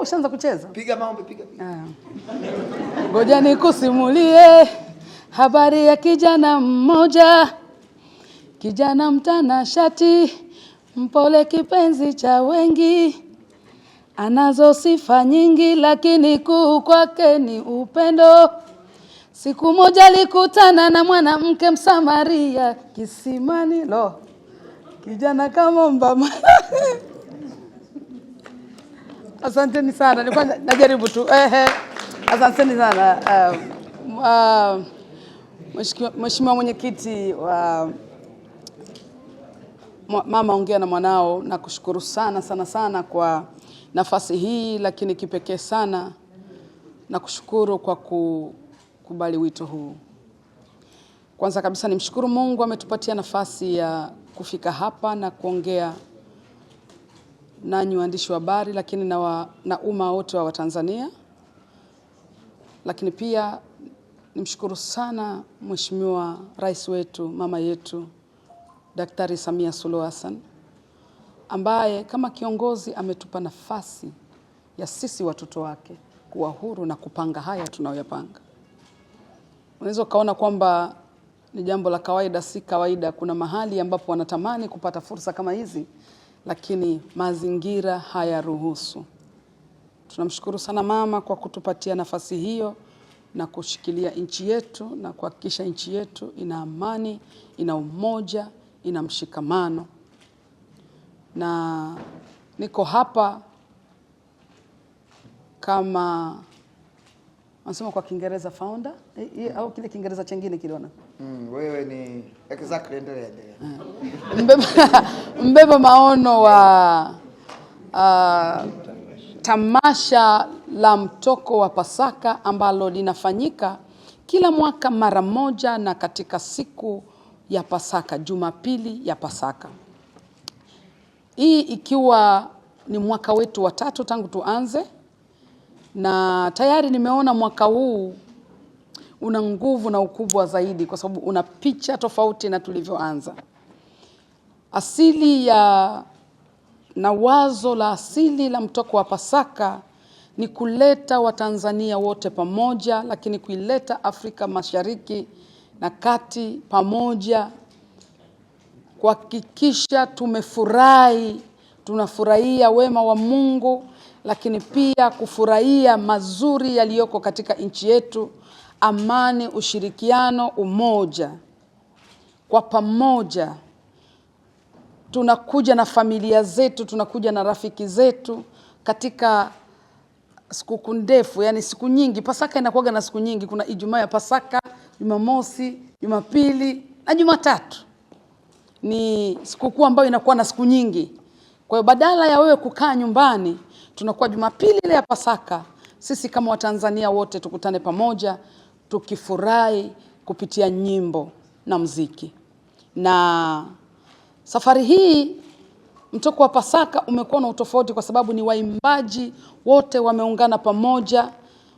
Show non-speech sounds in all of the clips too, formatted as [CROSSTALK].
ushaanza kucheza? Piga maombi, piga piga. Ah. Ngoja nikusimulie habari ya kijana mmoja, kijana mtanashati, mpole, kipenzi cha wengi, anazo sifa nyingi, lakini kuu kwake ni upendo. Siku moja alikutana na mwanamke Msamaria kisimani. Lo, kijana mbama [LAUGHS] Asanteni sana, nilikuwa najaribu tu. Ehe, asanteni sana um, uh, Mheshimiwa mwenyekiti wa uh, mama ongea na mwanao, nakushukuru sana sana sana kwa nafasi hii, lakini kipekee sana nakushukuru kwa kukubali wito huu. Kwanza kabisa nimshukuru Mungu ametupatia nafasi ya kufika hapa na kuongea nanyi waandishi wa habari, lakini na, wa, na umma wote wa Watanzania. Lakini pia nimshukuru sana Mheshimiwa Rais wetu mama yetu Daktari Samia Suluhu Hassan ambaye kama kiongozi ametupa nafasi ya sisi watoto wake kuwa huru na kupanga haya tunayoyapanga. Unaweza ukaona kwamba ni jambo la kawaida, si kawaida. Kuna mahali ambapo wanatamani kupata fursa kama hizi lakini mazingira hayaruhusu. Tunamshukuru sana mama kwa kutupatia nafasi hiyo na kushikilia nchi yetu na kuhakikisha nchi yetu ina amani, ina umoja, ina mshikamano. Na niko hapa kama wanasema kwa Kiingereza founder eh, eh, au kile Kiingereza chengine kiliona. Mm, wewe ni exactly, endelea endelea. Eh mbeba, mbeba maono wa uh, tamasha la mtoko wa Pasaka ambalo linafanyika kila mwaka mara moja na katika siku ya Pasaka, Jumapili ya Pasaka, hii ikiwa ni mwaka wetu wa tatu tangu tuanze, na tayari nimeona mwaka huu una nguvu na ukubwa zaidi, kwa sababu una picha tofauti na tulivyoanza. Asili ya na wazo la asili la mtoko wa Pasaka ni kuleta Watanzania wote pamoja, lakini kuileta Afrika Mashariki na Kati pamoja, kuhakikisha tumefurahi, tunafurahia wema wa Mungu, lakini pia kufurahia mazuri yaliyoko katika nchi yetu, amani, ushirikiano, umoja kwa pamoja tunakuja na familia zetu, tunakuja na rafiki zetu katika sikukuu ndefu, yani siku nyingi. Pasaka inakuaga na siku nyingi, kuna Ijumaa ya Pasaka, Jumamosi, Jumapili na Jumatatu. Ni sikukuu ambayo inakuwa na siku nyingi. Kwa hiyo badala ya wewe kukaa nyumbani, tunakuwa Jumapili ile ya Pasaka, sisi kama Watanzania wote tukutane pamoja, tukifurahi kupitia nyimbo na mziki na Safari hii mtoko wa Pasaka umekuwa na utofauti kwa sababu ni waimbaji wote wameungana pamoja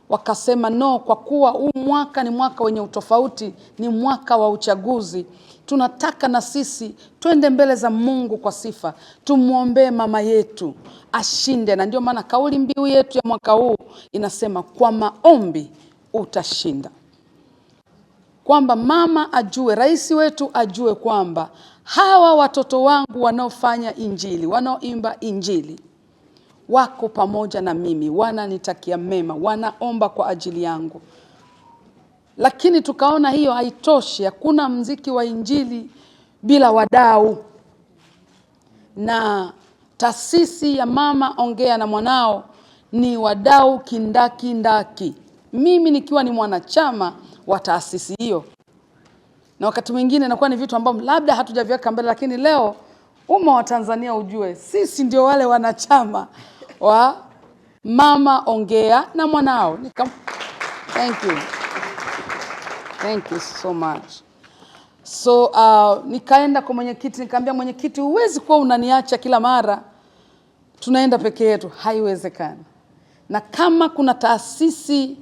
wakasema no, kwa kuwa huu mwaka ni mwaka wenye utofauti, ni mwaka wa uchaguzi. Tunataka na sisi twende mbele za Mungu kwa sifa, tumwombee mama yetu ashinde. Na ndio maana kauli mbiu yetu ya mwaka huu inasema, kwa maombi utashinda kwamba mama ajue, rais wetu ajue kwamba hawa watoto wangu wanaofanya injili, wanaoimba injili wako pamoja na mimi, wananitakia mema, wanaomba kwa ajili yangu. Lakini tukaona hiyo haitoshi. Hakuna mziki wa injili bila wadau, na taasisi ya Mama Ongea na Mwanao ni wadau kindakindaki. Mimi nikiwa ni mwanachama wa taasisi hiyo, na wakati mwingine inakuwa ni vitu ambavyo labda hatujaviweka mbele, lakini leo umma wa Tanzania ujue sisi ndio wale wanachama wa Mama Ongea na Mwanao. Nika... Thank you. Thank you so much. So uh, nikaenda kwa mwenyekiti nikamwambia mwenyekiti, huwezi kuwa unaniacha kila mara tunaenda peke yetu, haiwezekani. Na kama kuna taasisi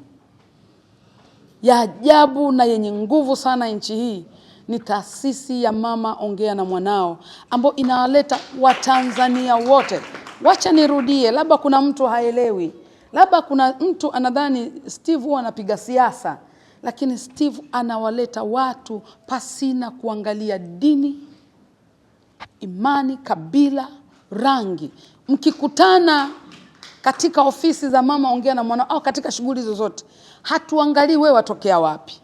ya ajabu na yenye nguvu sana nchi hii ni taasisi ya Mama Ongea na Mwanao ambayo inawaleta Watanzania wote. Wacha nirudie, labda kuna mtu haelewi, labda kuna mtu anadhani Steve huwa anapiga siasa, lakini Steve anawaleta watu pasina kuangalia dini, imani, kabila, rangi. Mkikutana katika ofisi za Mama Ongea na Mwanao au katika shughuli zozote Hatuangalii wewe watokea wapi,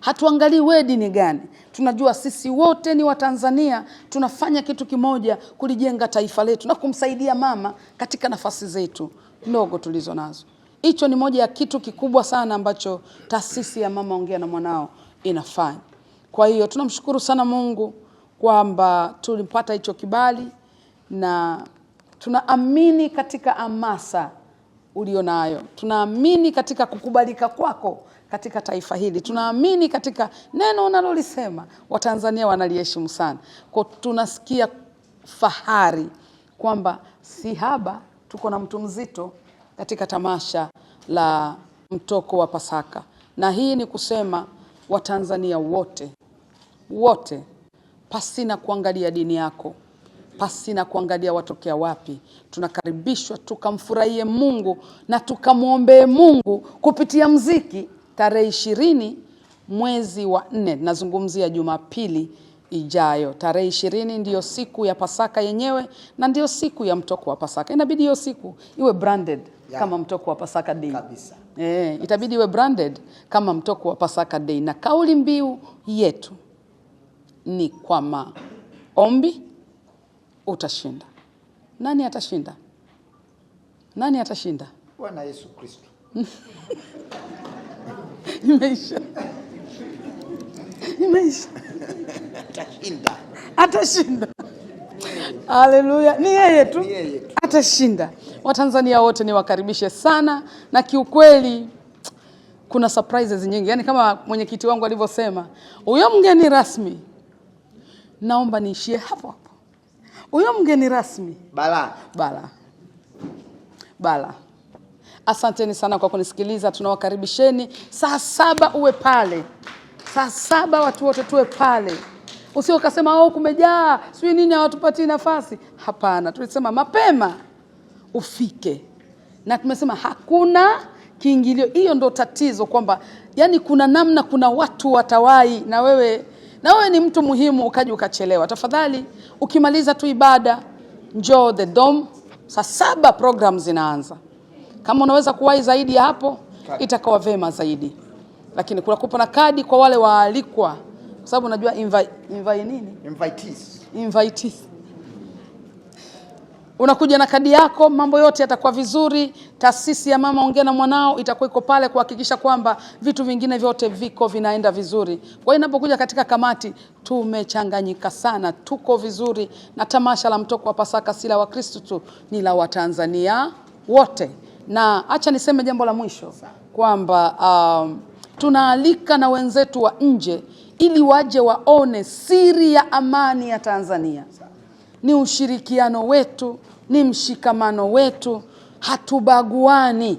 hatuangalii wewe dini gani. Tunajua sisi wote ni Watanzania, tunafanya kitu kimoja kulijenga taifa letu na kumsaidia mama katika nafasi zetu ndogo tulizo nazo. Hicho ni moja ya kitu kikubwa sana ambacho taasisi ya Mama Ongea na Mwanao inafanya. Kwa hiyo tunamshukuru sana Mungu kwamba tulipata hicho kibali na tunaamini katika amasa ulionayo. Tunaamini katika kukubalika kwako katika taifa hili, tunaamini katika neno unalolisema. Watanzania wanaliheshimu sana, kwa tunasikia fahari kwamba si haba tuko na mtu mzito katika tamasha la mtoko wa Pasaka, na hii ni kusema Watanzania wote wote, pasina kuangalia dini yako, pasi na kuangalia watokea wapi. Tunakaribishwa tukamfurahie Mungu na tukamwombee Mungu kupitia mziki tarehe ishirini mwezi wa nne. Nazungumzia Jumapili ijayo tarehe ishirini ndiyo siku ya Pasaka yenyewe na ndiyo siku ya mtoko wa Pasaka. Inabidi hiyo siku iwe branded yeah, kama mtoko wa Pasaka Day kabisa. E, itabidi iwe branded kama mtoko wa Pasaka Day, na kauli mbiu yetu ni kwa maombi utashinda. Nani atashinda? Nani atashinda? Bwana Yesu Kristo. [LAUGHS] Imeisha, imeisha. Atashinda, atashinda. Haleluya, ni yeye tu, atashinda. Watanzania wote niwakaribishe sana, na kiukweli kuna surprises nyingi, yaani kama mwenyekiti wangu alivyosema, huyo mgeni rasmi, naomba niishie hapo hapo. Huyo mgeni rasmi Bala. Bala. Bala. Asanteni sana kwa kunisikiliza, tunawakaribisheni saa saba uwe pale, saa saba watu wote tuwe pale. Usio ukasema oh, kumejaa sijui nini hawatupatii nafasi. Hapana, tulisema mapema ufike, na tumesema hakuna kiingilio. Hiyo ndo tatizo kwamba yani, kuna namna, kuna watu watawai, na wewe na wewe ni mtu muhimu ukaji ukachelewa, tafadhali Ukimaliza tu ibada njoo the dom saa saba program zinaanza. Kama unaweza kuwahi zaidi ya hapo itakuwa vema zaidi, lakini kuna na kadi kwa wale waalikwa, kwa sababu unajua invite, invite nini? Invitees. Invitees unakuja na kadi yako, mambo yote yatakuwa vizuri. Taasisi ya Mama Ongea na Mwanao itakuwa iko pale kuhakikisha kwamba vitu vingine vyote viko vinaenda vizuri. Kwa hiyo inapokuja katika kamati, tumechanganyika sana, tuko vizuri, na tamasha la mtoko wa Pasaka si la Wakristo tu, ni la Watanzania wote. Na acha niseme jambo la mwisho kwamba um, tunaalika na wenzetu wa nje ili waje waone siri ya amani ya Tanzania ni ushirikiano wetu, ni mshikamano wetu, hatubaguani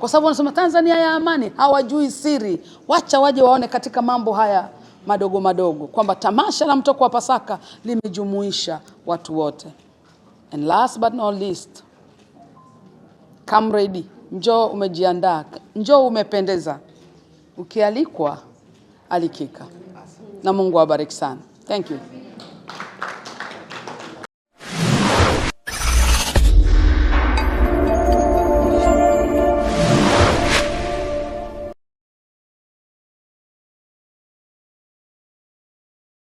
kwa sababu wanasema Tanzania ya amani, hawajui siri. Wacha waje waone katika mambo haya madogo madogo kwamba tamasha la mtoko wa Pasaka limejumuisha watu wote. And last but not least, come ready, njoo umejiandaa, njoo umependeza. Ukialikwa alikika, na Mungu awabariki sana. Thank you.